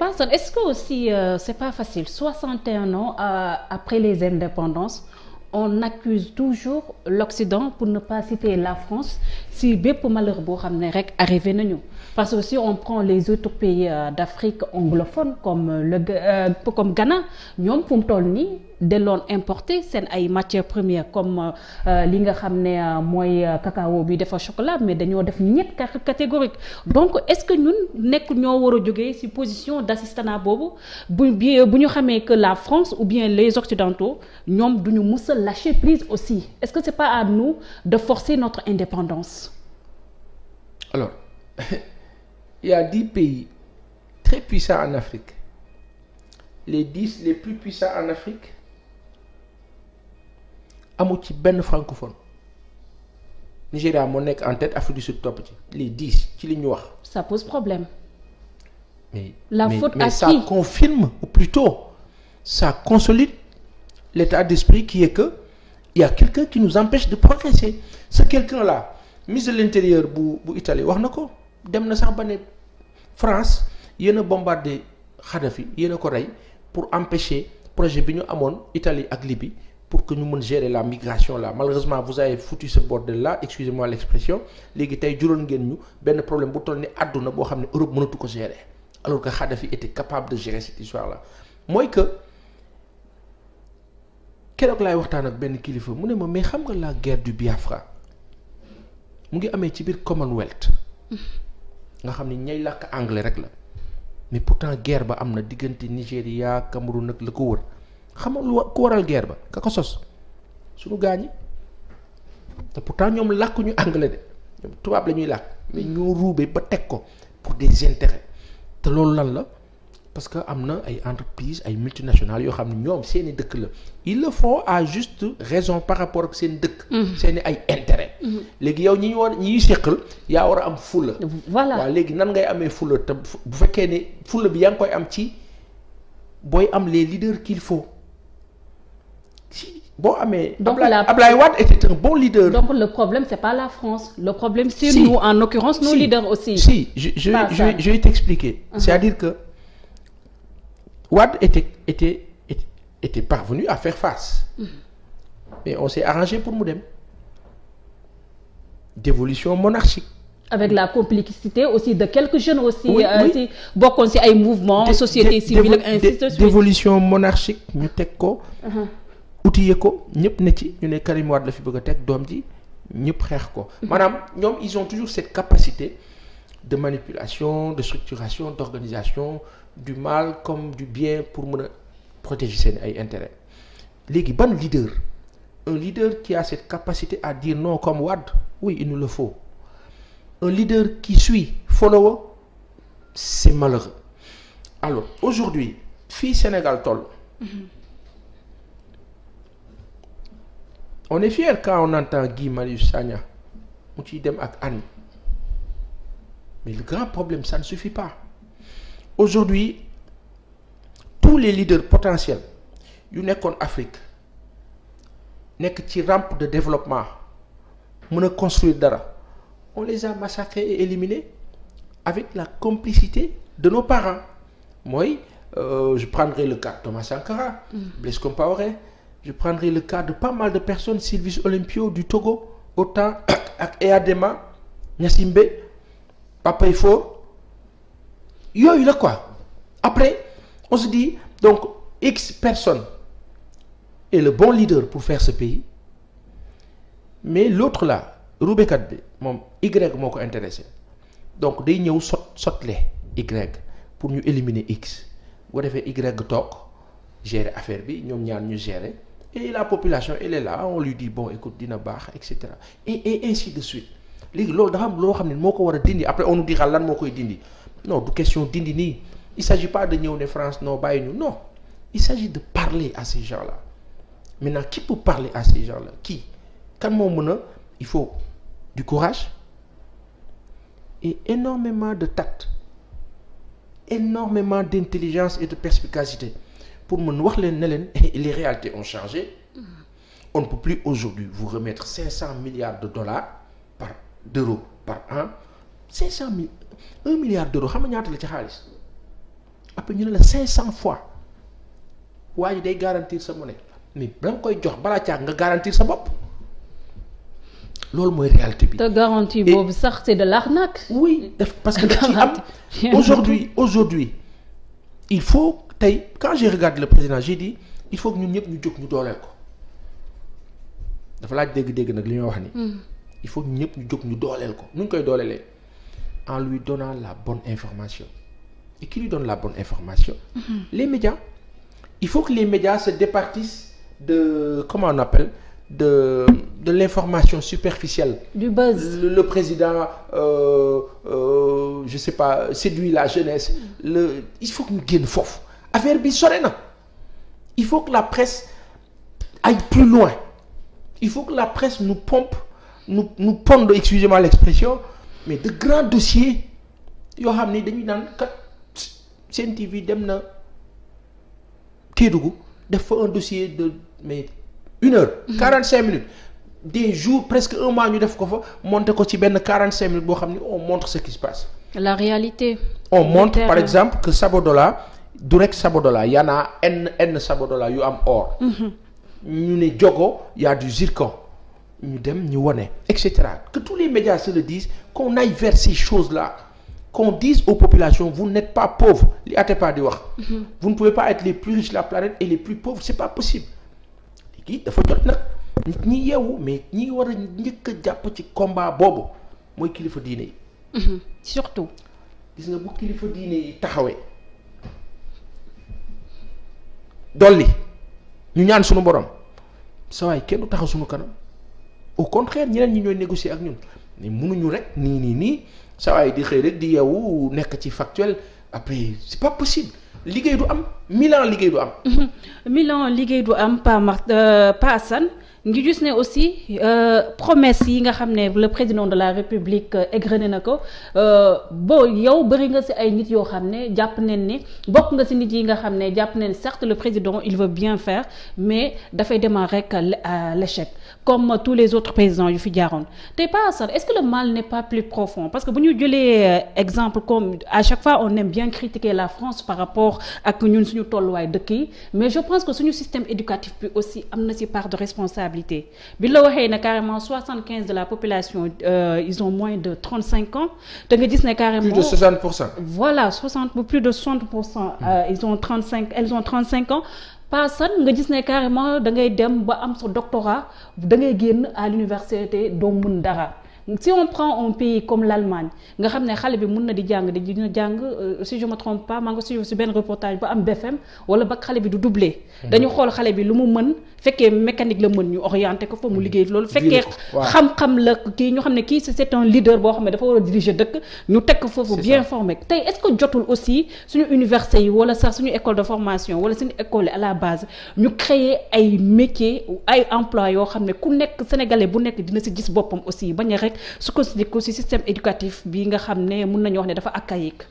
Pastor est-ce que aussi euh, c'est pas facile 61 ans euh, après les indépendances on accuse toujours l'Occident pour ne pas citer la France si bépp malheur boo xam ne rek arrivé nañu parce que si on prend les autres pays euh, d'Afrique anglophone comme le euh, comme Ghana ñoom fu mu toll nii delloon importé seen ay matières premières comme euh, li nga xam ne euh, mooy euh, cacao bi dafa chocolat mais dañoo def ñett catégorique donc est-ce que ñun nekk ñoo war a jógee ci position d'assistanat boobu bu bu ñu xamee que la France ou bien les occidentaux ñoom duñu mës a lâcher prise aussi est-ce que c'est pas à nous de forcer notre indépendance alors il y pays très les dix les plus puissants en Afrique amul ci benn francophone Nigéria moo nekk en tête Afrique du Sud topp ci les dix ci li ñu wax. ça pose problème. mais la mais, faute mais à ça qui? confirme ou plutôt ça consolide l'état d'esprit qui est que il y quelqu'un qui nous empêche de progresser sa quelqu'un là ministre de l'intérieur bu bu Italie wax na ko dem na sax ba ne France yéen a bombardé Kadhafi yéen ko rey pour empêcher projet bi ñu amoon Italie ak libi pour que ñu mën gérer la migration là malheureusement vous avez foutu ce bordel là excusez-moi l'expression léegi tey jural ngeen ñu benn problème bu toll ni àdduna boo xam ne Europe mënatu ko gérer alors que Kadhafi était capable de gérer cette histoire là mooy que keroog laay waxtaan ak benn kilifa mu ne ma mais xam nga laa guerre du Biafra mu ngi amee ci biir Commonwealth nga xam ni ñay làkk anglais rek la mais pourtant guerre ba am na diggante Nigéria Cameroun ak la ko wër. xam lu ku waral guerre ba ka ko sos suñu gaañi te pourtant ñoom làkku ñu anglais de tubaab la ñuy làkk mais ñoo ruubee ba teg ko pour des intérêts te loolu lan la parce que am na ay entreprises ay multinationales yoo xam ne ñoom seeni dëkk la ils le font à juste raison par rapport ak seen dëkk mm-hmm. seeni ay intérêt mm-hmm. léegi yow ñi ñu war ñiy séqal yaa war a am fulla voilà léegi nan ngay amee fulla te bu fekkee ne fulla bi yaa ngi koy am ci booy am les leaders qu'il boo amee. Ah, donc la Ablaye Wade était un bon leader. donc le problème c'est pas la France le problème. c'est si. nous en l'occurrence si. nos leaders aussi. si je je pas uh-huh. c'est-à-dire que Wade était était était, était parvenu à faire face. Uh-huh. mais on s'est arrangé pour mu dem dévolution monarchique. avec la complicité aussi de quelques jeunes aussi. oui euh, oui bokkoon ci ay mouvements. société civile ainsi de suite dévolution monarchique ñu teg ko. Uh-huh. outillé ko ñëpp na ci ñu ne Karim Wade la fi bëgg a teg doom ji ñëpp xeex ko. Mhm. maanaam ñoom ils ont toujours cette capacité de manipulation de structuration d'organisation du mal comme du bien pour mën a protéger seen ay intérêts léegi ban leader un leader qui a cette capacité à dire non comme Wade oui il nous le faut un leader qui suit follower c'est malheureux alors aujourd'hui fii Sénégal toll. Mhm. on est fier quand on entend Guy Marius Sagna mu ciy dem ak Anne mais le grand problème ça ne suffit pas aujourd'hui tous les leaders potentiels yu nekkoon Afrique nekk ci rampe de développement mën a construire dara on les a massacrés et éliminés avec la complicité de nos parents mooy euh, je prendrai le cas Thomas Sankara. Mm. Blaise Compaoré. je prendre le cas de pas mal de personnes Sylvius Olympio du Togo autant ak dema Gnassingbé Papay Faure yooyu la quoi après on se dit donc X personne est le bon leader pour faire ce pays mais l'autre là rubekat bi moom Y moo ko intéressé donc day ñëw sot sotle Y pour ñu éliminer X boo ko defee Y toog gérer affaire bi ñoom ñaan ñu gérer et la population elle est là on lui dit bon écoute dina baax et cetera et et ainsi de suite léegi loolu dafa loo xam ne moo ko war a dindi après on nous dira lan moo koy dindi non du question dindi nii il s'agit pas de ñëw ne France non bàyyi ñu non il s'agit de parler à ces gens là maintenant qui peut parler à ces gens là qui kan moo mën a il faut du courage et énormément de tact énormément d'intelligence et de perspicacité pour mën wax leen ne leen les réalités ont changé mm-hmm. on ne peut plus aujourd'hui vous remettre cinq cent milliards de dollars par d'euros par an cinq cent mille un milliard d'euros xam nga ñaata la ci xaalis après ñu ne la cinq cent fois waa ji day garantir sa monnaie mais bala nga koy jox balaa caag nga garantir sa bopp loolu mooy réalité bi. te garantie boobu sax c'est de l'arnaque. oui daf parce que daf ci am aujourd'hui aujourd'hui il faut. tey quand je regarde le président j'ai il faut que ñun ñëpp ñu jóg ñu dooleel ko dafa laaj dégg-dégg nag li ñuy wax ni hmm. il faut ñun ñëpp ñu jóg ñu dooleel ko nu ñu koy doolelee en lui donnant la bonne information et qui lui donne la bonne information mm -hmm. il faut que les médias se départissent de comment on appelle de de l'information superficielle le, le président euh, euh, sais pas séduit la jeunesse hmm. le il faut que ñu génn foofu affaire bi sore na il faut que la presse aille plus loin il faut que la presse nous pompe nous nous ponde excusez-moi l'expression mais de grands dossiers yoo xam ni dañuy naan kat Sen TV dem na Kédougou def fa un dossier de mais une heure. Mhm. quarante cinq minutes des jours presque un mois ñu def ko fa monter ko ci benn quarante cinq minutes boo xam ni on montre ce qui se passe. la réalité. on montre par exemple que Sabodola du rek Sabodola y en n n Sabodola yu am or. Mhm. ñu ne Diogo y a du zircon ñu dem ñu wone et cetera que tous les médias se le disent qu'on aille vers chose choses là qu'on dise population populations vous n'êtes pas pauvres li Atepa di wax. Mhm. vous ne pouvez pas être les plus la planète et les plus pauvres c'est pas possible léegi dafa jot nag. nit ñi yeewu mais ñi war a njëkk a jàpp ci combat boobu mooy kilifa diine yi. Mhm. surtout. gis nga bu kilifa diine yi taxawee. dolli ñu ñaan suñu borom sa waay kenn du taxaw suñu kanam au contraire ñeneen ñi ñooy négocier ak ñun mu mënuñu rek nii nii nii sa waay di xëy rek di yow nekk ci factuel après c'est pas possible liggéey du am Milan liggéey du am. Milan liggéey du am Pa Mar euh, Pa Assane ngi gis ne aussi euh, promesse yi nga xam ne le président de la république euh, égrené na ko euh, bo yow bëri nga si ay nit yoo xam ne jàpp nañ ni bokk nga si nit yi nga xam ne jàpp nañ certes le président il veut bien faire mais dafay démarrer rek à l'échec comme tous les autres présidents yu fi jaaroon te pas ça est-ce que le mal n'est pas plus profond parce que bu ñu jëlee exemple comme à chaque fois on aime bien critiquer la France par rapport ak ñun suñu tolluwaay dëkk yi que suñu système éducatif bi aussi am na ci part de responsabilité responsabilité bi la waxee ne carrément soixante quinze de la population euh, ils ont moins de trente cinq ans te nga gis ne carrément plus de soixante pour cent euh, hmm. ils ont trente cinq ans paasan nga gis ne carrément da dem ba am sa doctorat da génn à l'université doo mun dara si on prend un pays comme l'Allemagne nga xam ne xale bi mun na di jàng di dina jàng euh, si je me trompe pas maa ngi suivre si benn reportage ba am BFM wala ba xale bi du doublé. Mm-hmm. dañu xool xale bi lu mu mën fekkee mécanique la mën ñu orienté ko fa mu mm-hmm. liggéey loolu. fekkee xam-xam la kii ñu xam ne kii c'est un boo xam ne dafa war a diriger dëkk ñu teg foofu bien formé tey est-ce jotul aussi suñu université yi wala sax suñu école de formation wala suñu école à la base ñu créer ay métiers ay emploi yoo xam ne ku nekk sénégalais bu nekk dina si gis boppam aussi bañ a rek sukkandiku ci système éducatif bi nga xam ne mun nañu wax ne dafa archaïque.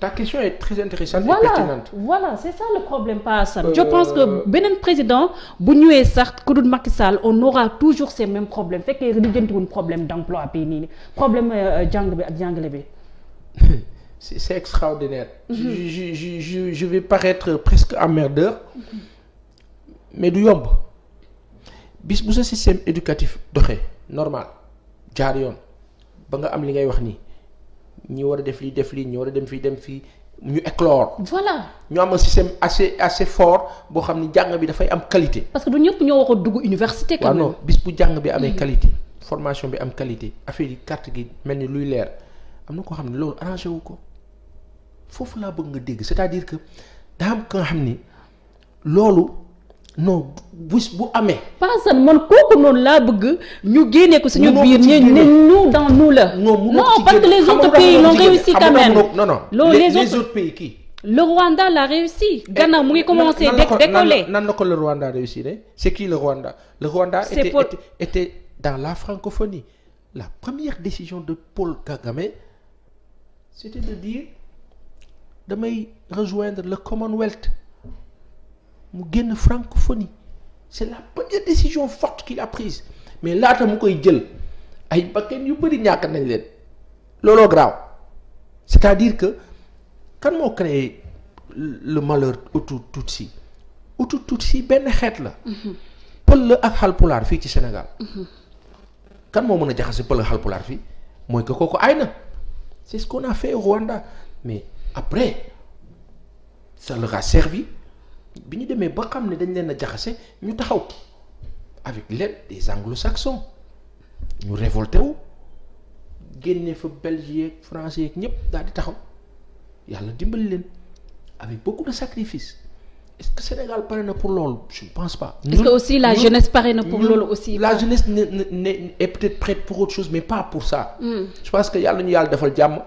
ta question est très intéressante voilà, et pertinente. voilà c'est ça le problème Pa Assane. Euh, je pense que beneen président bu ñëwee sax ku dul Macky Sall on aura toujours ces mêmes problèmes fekkee lijjantiwuñ problème d'emploi bi nii nii problème euh, euh, jàng bi ak jàngale bi. c'est c'est extraordinaire. Mm -hmm. je je je je vais paraître presque emmerdeur. Mm -hmm. mais du yomb bis bu sa système éducatif doxee. normal jaar yoon ba nga am li ngay wax nii ñi war a def lii def lii ñi war a dem fii dem fii ñu éclore. voilà ñu am a système assez assez fort boo xam ni jàng bi dafay am qualité. parce que du ñëpp ñoo wax dugg université. quand même waaw bis bu jàng bi amee mm-hmm. qualité. formation bi am qualité affaire yi carte gi mel ni luy leer am na koo xam ne loolu arrangé wu ko foofu laa bëgg nga dégg c'est-à-dire que daa am ka xam ni loolu. non bu bu amee. Paasan man kooku noonu laa bëgg ñu génne ko suñu biir ñu ne nous dans nous la. non non parce que les autres pays l'ont réussi quand même. non non les autres pays kii. le Rwanda l'a réussi. Eh, Ghana mu ngi commencé décoller nan la ko le Rwanda réussi de c'est qui le Rwanda. le Rwanda était était dans la francophonie la première décision de Paul Kagame c'était de dire damay rejoindre le Commonwealth. mu génn francophonie c'est la première décision forte qu'il a prise mais laata mu koy jël ay bakkan yu bëri ñàkk nañ leen looloo graaw c'est-à-dire que kan moo créé le malheur Hutu-Tutsi hutu si benn xeet la mhm. pël la ak xalpulaar fii ci Sénégal mhm. kan moo mën a jaxase pël ak xalpulaar fii mooy que kooku ay na c'est ce qu'on a fait Rwanda mais après ça leur servi bi ñu demee ba xam ne dañ leen a jaxase ñu taxaw avec l'aide des anglo-saxons ñu révolté wu génne fa belgique français yeeg ñëpp daal di taxaw yàlla dimbali leen avec beaucoup de sacrifices est-ce que Sénégal pare na pour loolu je ne pense pas. est que aussi la jeunesse pare na pour loolu aussi. la jeunesse ne ne est peut-être pour autre chose mais pas pour ça. Hmm. je pense que yàlla ñu yàlla defal jàmm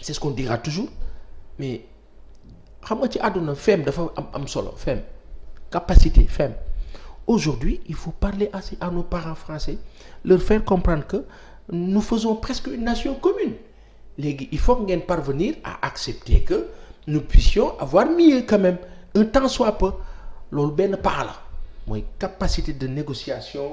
c'est ce qu'on toujours mais. xam nga ci àdduna femme dafa am am solo femme capacité femme aujourd'hui il faut parler à à nos parents français leur faire comprendre que nous faisons presque une nation commune léegi il faut ngeen parvenir à accepter que nous puissions avoir mieux quand même un temps soit peu loolu benn pas mooy capacité de négociation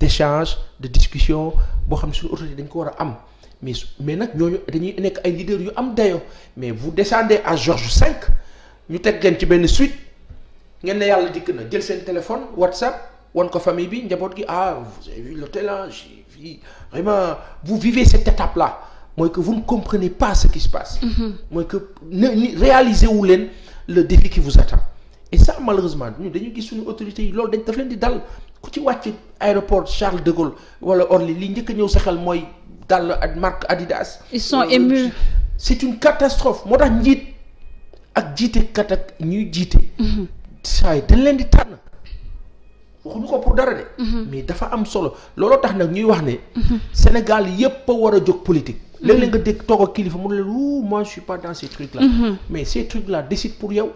d'échange de discussion boo xam ne suñu autorité dañ ko war a am mais mais nag ñooñu dañuy nekk ay leaders yu am dayo mais vous descendez à George cinq ñu teg leen ci benn suite ngeen ne yàlla dikk na jël seen téléphone WhatsApp wan ko famille bi njaboot gi ah vous avez vu l'hôtel ah j'ai vu vraiment vous vivez cette étape là mooy que vous ne comprenez pas ce qui se passe. Mm-hmm. mooy que ne réalisez wu leen le défi qui vous attend. et ça malheureusement ñu dañu gis suñu autorités yi loolu dañ daf leen di dal ku ci wàcc aéroport Charles de Gaulle wala Orly li njëkk a ñëw sa xel mooy dal ak marque Adidas. ils sont euh, émus. c'est une catastrophe moo tax njiit ak jiite kat ak ñuy jiite. Mhm. saa yi dañ leen di tànn. waxuñu ko pour dara de. Mhm. mais dafa am solo looloo tax nag ñuy wax ne. Mhm. Sénégal yépp a war a jóg politique. léeg-léeg nga dégg toog ak kilifa mu ne leen wuu moi je suis pas dans ces trucs là. mais ces trucs là pour yow.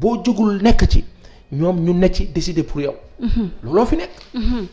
boo jógul nekk ci ñoom ñu ne ci décider pour yow. Mm-hmm. looloo fi nekk. Mm-hmm.